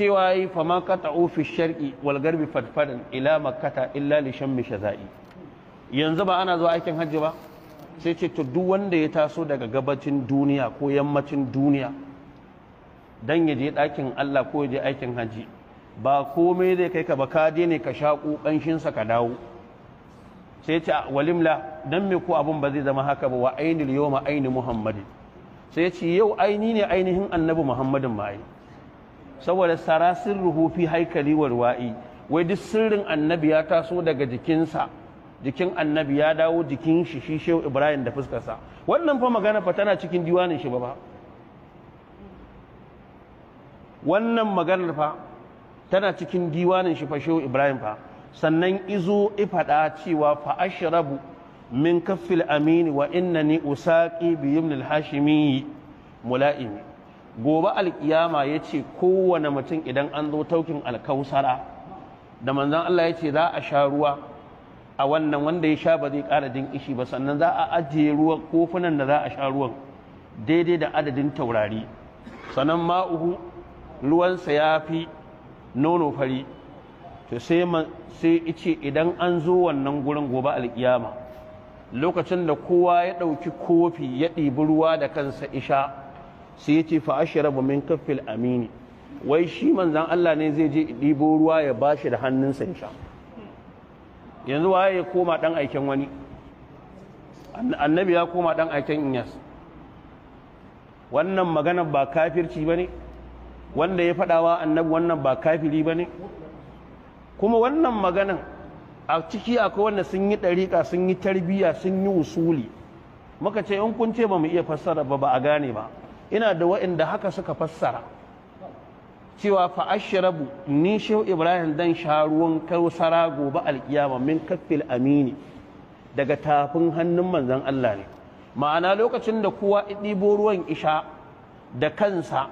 cewa yi fama kata ofis shar'i walgarbi garbi fadfadan ila makata illa lishan shammi yanzu ba ana zuwa aikin hajji ba sai ce to duk wanda ya taso daga gabacin duniya ko yammacin duniya dan ya je ɗakin Allah ko ya je aikin hajji ba komai zai kai ka ba ka ne ka shaƙo ƙanshinsa ka dawo sai ce walimla dan me ko abun ba zai zama haka ba wa yau ma aini muhammadin sai ce yau aini ne ainihin annabi muhammadin ma saboda sun ruhufi haikali warwa'i wai duk sirrin annabi ya taso daga jikinsa jikin annabi ya dawo jikin shi shi shehu ibrahim da fuskarsa wannan fa magana fa tana cikin diwanin shi ba wannan maganar fa tana cikin diwanin shi fa shehu ibrahim fa sannan izo ifada cewa fa ashrabu min kaffil amini wa innani usaqi bi yumnil hashimi mula'imi gobe alkiyama ya ce kowane mutum idan an zo taukin alkausara da manzan Allah ya ce za a sha ruwa a wannan wanda ya sha ba zai ƙara jin ishi ba sannan za a ajiye ruwan kofunan da za a sha ruwan daidai da adadin taurari sannan ma'uhu ruwansa ya fi nono fari to sai ice idan an zo wannan gurin gobe alkiyama lokacin da kowa ya ɗauki kofi ya ɗibi ruwa da kansa isha sai ya ce fa rabu min kaffil amini wai shi manzan Allah ne zai je ɗibo ruwa ya ba shi da hannunsa ya sha yanzu waye ya koma ɗan aiken wani annabi ya koma ɗan aiken inyas wannan magana ba kafirci ba ne wanda ya faɗawa annabi wannan ba kafiri ba ne kuma wannan magana a ciki akwai wanda sun yi ɗariƙa sun yi tarbiyya sun yi usuli muka ce in kun ce ba mu iya fassara ba ba a gane ba ina da waɗanda haka suka fassara cewa fa ashrabu ni shehu ibrahim dan sha ruwan kausara gobe alkiyama min kaffil amini daga tafin hannun manzon Allah ne ma'ana lokacin da kowa ɗibo ruwan isha da kansa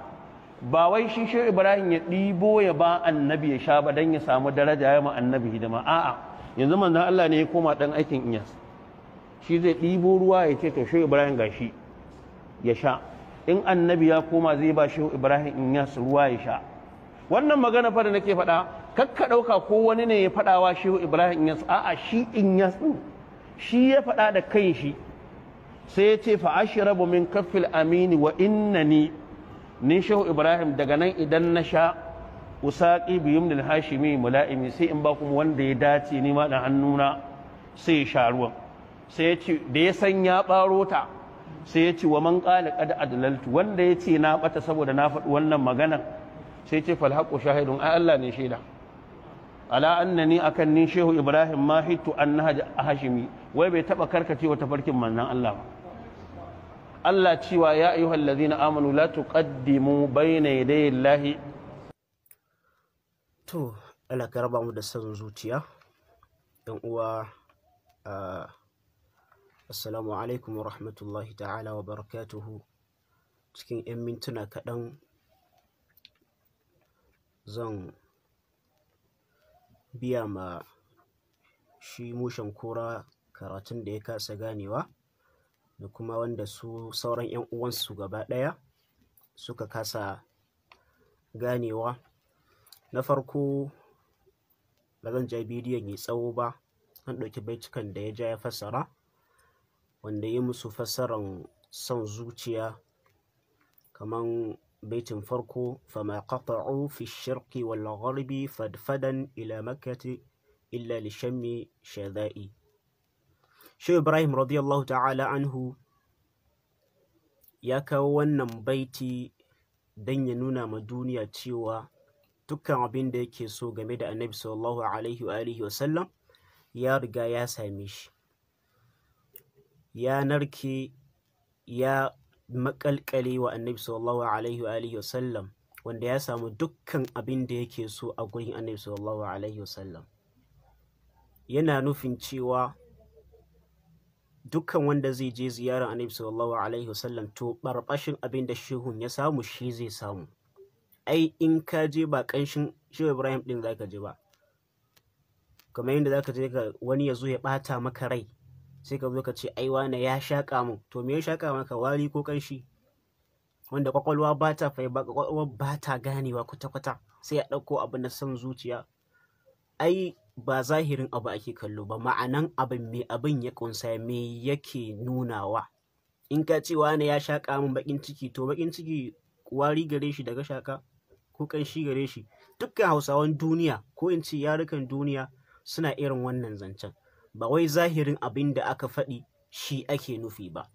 ba wai shi shehu ibrahim ya ɗibo ya ba annabi ya sha ba dan ya samu daraja ya ma annabi hidima a'a yanzu manzon Allah ne ya koma dan aikin iyas shi zai ɗibo ruwa ya ce to shehu ibrahim gashi ya sha in annabi ya koma zai ba shi ibrahim in ya ruwa ya sha wannan magana fa nake faɗa kakka ɗauka ko wani ne ya faɗawa shehu ibrahim in ya a'a shi in ya shi ya faɗa da kan shi sai ya ce fa ashrabu min kaffil amini wa innani ni shehu ibrahim daga nan idan na sha usaqi bi yumnil hashimi mula'imi sai in ba kuma wanda ya dace ni ma da hannuna sai ya sha ruwan sai ya ce da ya san ya ɓaro ta sai ya ce wa man qala qad adlaltu wanda ya ce na bata saboda na faɗi wannan magana sai ce falhaƙo haqqu shahidun ai Allah ne shaida ala annani akan ni shehu ibrahim ma hitu annaha hashimi wai bai taba karkacewa tafarkin manzon Allah ba Allah cewa ya ayyuhal ladina amanu la tuqaddimu bayna yaday to Allah ka mu da san zuciya dan uwa ah, Assalamu alaikum wa rahmatullahi ta'ala wa barakatuhu cikin 'yan mintuna kaɗan zan biya ma shi mushen kura karatun da ya kasa ganewa da kuma wanda su sauran 'yan uwansu gaba ɗaya suka kasa ganewa na farko ba zan ja bidiyon yi tsawo ba an ɗauki baitukan da ya ja ya fassara wanda ya musu fassaran son zuciya kaman baitin farko fama qata'u fi shirki wal gharbi fadfadan ila makkati illa li shammi shadai shi ibrahim radiyallahu ta'ala anhu ya kawo wannan baiti don ya nuna ma duniya cewa dukkan abin da yake so game da annabi sallallahu alaihi wa alihi ya riga ya same shi ya narke ya makalkale wa annabi sallallahu alaihi wa alihi wasallam wanda ya samu dukkan abin da yake so a gurin annabi sallallahu alaihi wasallam yana nufin cewa dukkan wanda zai je ziyarar annabi sallallahu alaihi wasallam to barbashin abin da shehun ya samu shi zai samu ai in ka je ba kanshin shehu ibrahim din zaka je ba kamar yadda zaka je wani ya zo ya bata maka rai sai ka zo ka ce ai wane ya shaƙa mu to me ya shaƙa maka wari ko ƙanshi wanda kwakwalwa ba ta kwakwalwa ba ta ganewa kwata-kwata sai a ɗauko abu na son zuciya ai ba zahirin abu ake kallo ba ma'anan abin me abin ya kunsa me yake nunawa in ka ce wane ya shaƙa min baƙin ciki to baƙin ciki wari gare shi daga shaƙa ko ƙanshi gare shi dukkan hausawan duniya ko in ce yarukan duniya suna irin wannan zancen ba wai zahirin abin da aka faɗi shi ake nufi ba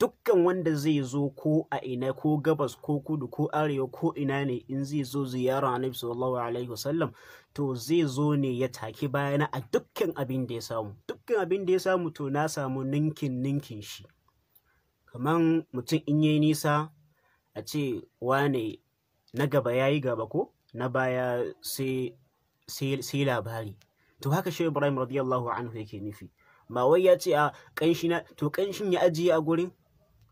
dukkan wanda zai zo ko a ina ko gabas ko kudu ko arewa ko ina ne in zai zo ziyara annabi sallallahu alaihi wasallam to zai zo ne ya taki bayana a dukkan abin da ya samu dukkan abin da ya samu to na samu ninkin ninkin shi kaman mutum in yi nisa a ce wane na gaba yayi gaba ko na baya sai labari to haka shi ibrahim radiyallahu anhu yake nufi ba wai ya ce a kanshi na to kanshin ya ajiye a gurin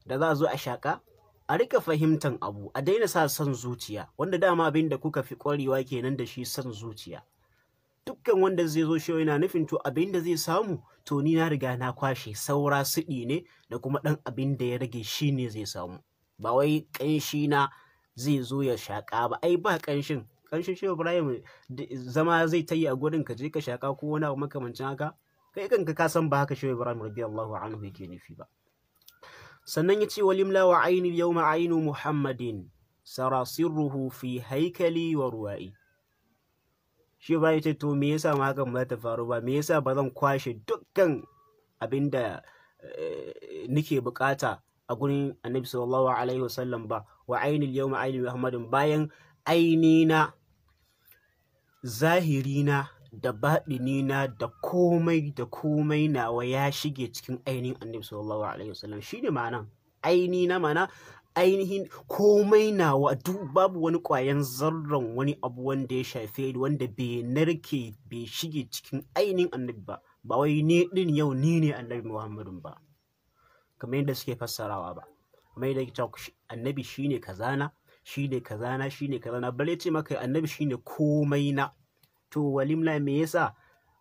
da za a zo a shaka a rika fahimtan abu a daina sa san zuciya wanda dama abin da kuka fi kwarewa kenan da shi san zuciya dukkan wanda zai zo shi yana nufin to abin da zai samu to ni na riga na kwashe saura siɗi ne da kuma ɗan abin da ya rage shi ne zai samu ba wai ƙanshina na zai zo ya shaka ba ai ba ƙanshin ƙarshen shehu ibrahim zama zai tayi a gurin ka je ka shaka ko wani makamancin haka kai kanka ka san ba haka shehu ibrahim radiyallahu anhu yake nufi ba sannan ya ce walimla wa aini yawma ainu muhammadin sara sirruhu fi haikali wa ruwa'i shi ba ya ce to me yasa ma hakan ba ta faru ba me yasa ba zan kwashe dukkan abinda eh, nike bukata a gurin annabi sallallahu alaihi wasallam ba wa ainihin yau ainihi muhammadin bayan ainina zahirina da baɗinina da komai da komai nawa ya shige cikin ainihin annabi sallallahu alaihi wasallam shine ma'ana aini na mana ainihin komai nawa duk babu wani ƙwayan zarran wani abu wanda ya shafe ni wanda bai narke bai shige cikin ainihin annabi ba ba wai ni din yau ni ne annabi Muhammadu ba kamar yadda suke fassarawa ba kamar yadda annabi shine kazana Shi ne kazana ne kazana bare ce maka annabi shi ne komai na to walimla me yasa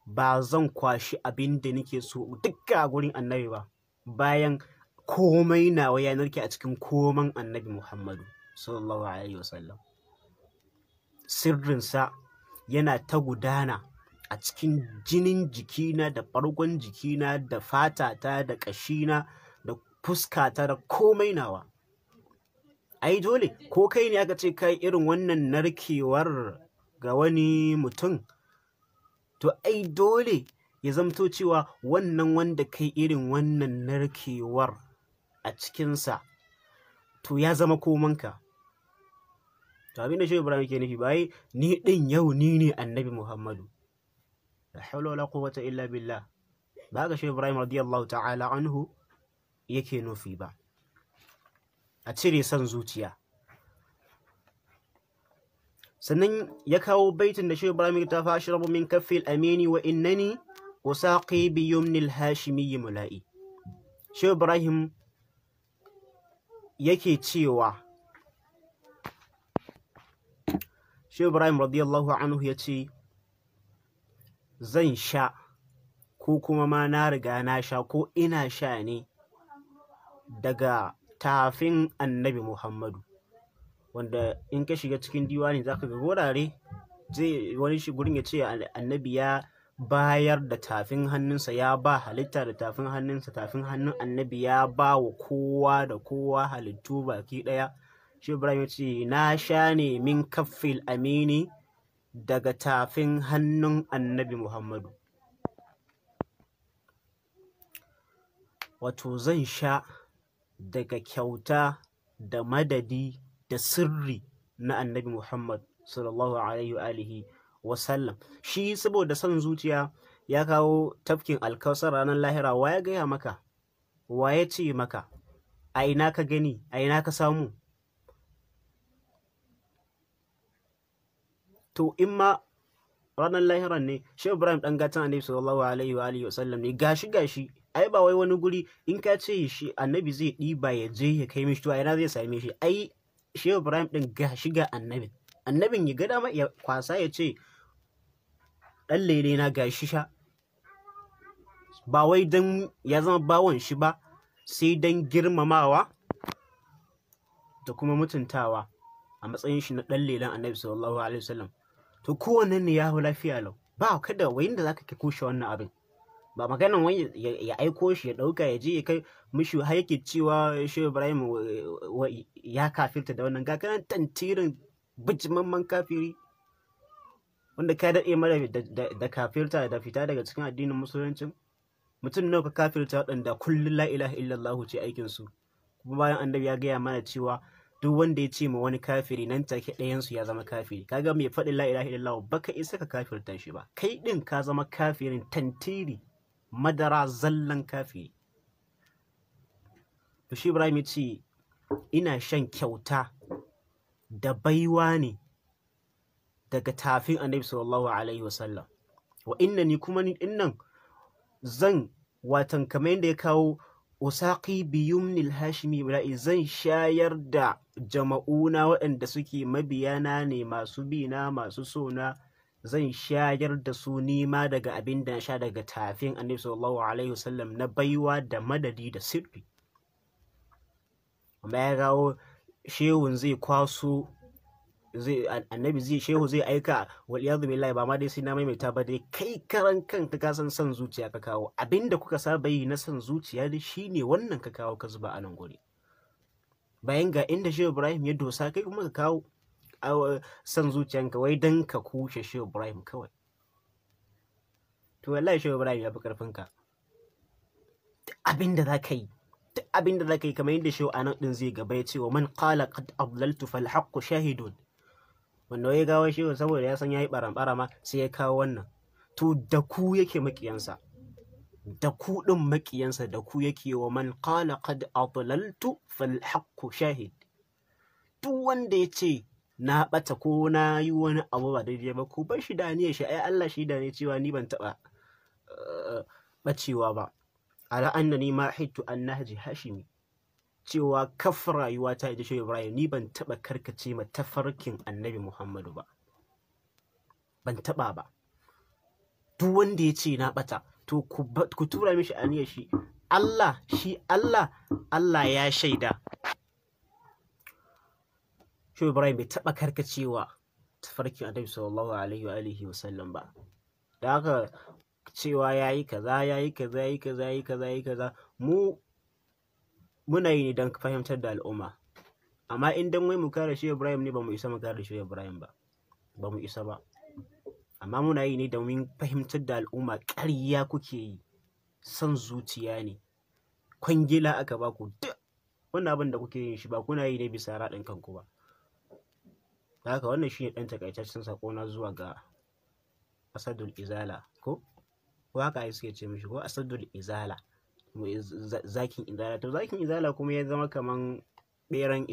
ba zan kwashi abin da nake so dukka gurin annabi ba bayan komai na waya narke a cikin koman annabi Muhammadu sallallahu alaihi wasallam sirrinsa yana ta gudana a cikin jinin jikina da farkon jikina da fatata da ƙashina da fuskata da komai nawa ai dole ko kai ne aka ce kai irin wannan narkewar ga wani mutum to ai dole ya zamto cewa wannan wanda kai irin wannan narkewar a cikinsa to ya zama komanka to abinda shi ibrahim ke nufi bai ni din yau ni ne annabi muhammadu la hawla wala quwwata illa billah ba ga shi ibrahim radiyallahu ta'ala anhu yake nufi ba a cire son zuciya sannan ya kawo baitin da shi Ibrahim ta fashi rabu min kafil amini wa innani usaqi bi yumnil hashimi mula'i shi Ibrahim yake cewa shi Ibrahim radiyallahu anhu ya ce zan sha ko kuma ma na riga na sha ko ina sha ne daga tafin annabi Muhammadu wanda in ka shiga cikin diwani ka ga wurare zai wani shi gurin ya ce annabi ya bayar da tafin hannunsa ya ba halitta da tafin hannunsa tafin hannun annabi ya ba wa kowa da kowa halittu baki ɗaya shi ibrahim ya ce na sha ne min kaffil amini daga tafin hannun annabi muhammadu wato zan sha daga kyauta da madadi da sirri na annabi Muhammad sallallahu alaihi wa alihi wasallam shi saboda son zuciya ya kawo tafkin alkawasar ranar lahira wa ya gaya maka wa ya ce maka a ina ka gani a ina ka samu to in ma ranar lahiran ne shi ibrahim dan gatan annabi sallallahu alaihi wa alihi wasallam ne gashi gashi ai ba wai wani guri in ka ce shi annabi zai ba ya je ya kai mishi to ina zai same shi ai shi ibrahim din gashi ga annabin annabin ya ga dama ya kwasa ya ce dan lele na gashi sha ba wai dan ya zama bawon shi ba sai dan girmamawa da kuma mutuntawa a matsayin shi na dan lelen annabi sallallahu alaihi wasallam to kowannen ne ya hau lafiya lau ba kada wayin da zaka kushe wannan abin ba maganan wani ya aiko shi ya dauka ya je ya kai mishi har yake cewa shi Ibrahim ya kafirta da wannan gaganan tantirin bijimamman kafiri wanda ka daɗe mara da kafirta da fita daga cikin addinin musulunci mutum nawa ka kafirta waɗanda kullum la ilaha illallah ce aikinsu kuma bayan annabi ya gaya mana cewa duk wanda ya ce ma wani kafiri nan take ɗayansu ya zama kafiri kaga mai faɗin la ilaha illallah baka isa ka kafirta shi ba kai ɗin ka zama kafirin tantiri madara zallan kafiri to shi Ibrahim ya ce ina shan kyauta da baiwa ne daga tafin annabi sallallahu alaihi wasallam wa inna ni kuma ni zan watan kamar yadda ya kawo usaki biyun hashimi bala'i zan shayar da jama'una waɗanda suke mabiyana ne masu bina masu sona zan shayar da su nima daga abin da na sha daga tafin annabi sallallahu alaihi wasallam na baiwa da madadi da sirri amma ya gawo shehun zai kwaso zai annabi zai shehu zai aika wal iyadu billahi ba ma dai sai na maimaita ba dai kai karan kanka ka san san zuciya ka kawo abinda kuka saba yi na san zuciya dai shine wannan ka kawo ka zuba a nan guri bayan ga inda shehu ibrahim ya dosa kai kuma ka kawo san zuciyanka wai dan ka kushe shehu ibrahim kawai to wallahi shehu ibrahim ya fi karfin ka abinda za ka yi duk abinda za ka yi kamar yadda shehu anan din zai gaba ya ce wa man qala qad adlaltu fal haqqu shahidun wanda ya gawo shi saboda ya san ya yi ɓaran-ɓarama sai ya kawo wannan to da ku yake maƙiyansa da ku ɗin maƙiyansa da ku yake wa man qala qad adlaltu fal haqqu shahid duk wanda ya ce na ɓata ko na yi wani abu ba daidai ba ku bar da ne shi ai Allah shi da ne cewa ni ban taɓa eh, ɓacewa ba ala annani ma hittu annahji hashimi cewa kaf rayuwa ta ita shehu ibrahim ni ban taba karkace ma tafarkin annabi muhammadu ba ban taba ba duk wanda ya ce na bata to ku tura mishi aniyar shi Allah shi Allah Allah ya shaida shehu ibrahim bai taba karkacewa tafarkin annabi sallallahu alaihi wa alihi wa sallam ba da haka cewa yayi kaza yayi kaza yayi kaza yayi kaza yayi kaza mu muna yi ne don fahimtar da al'umma amma in dan wai mu kare shi Ibrahim ne ba mu isa mu kare shi Ibrahim ba ba mu isa ba amma muna yi ne domin fahimtar da al'umma ƙarya kuke yi son zuciya ne kwangila aka ba ku duk wannan abin da kuke yin shi ba kuna yi ne bisa raɗin kanku ba haka wannan shi ne ɗan takaitaccen sako na zuwa ga asadul izala ko ko haka ai suke ce mishi ko asadul izala zakin izala to zakin izala kuma ya zama kaman beran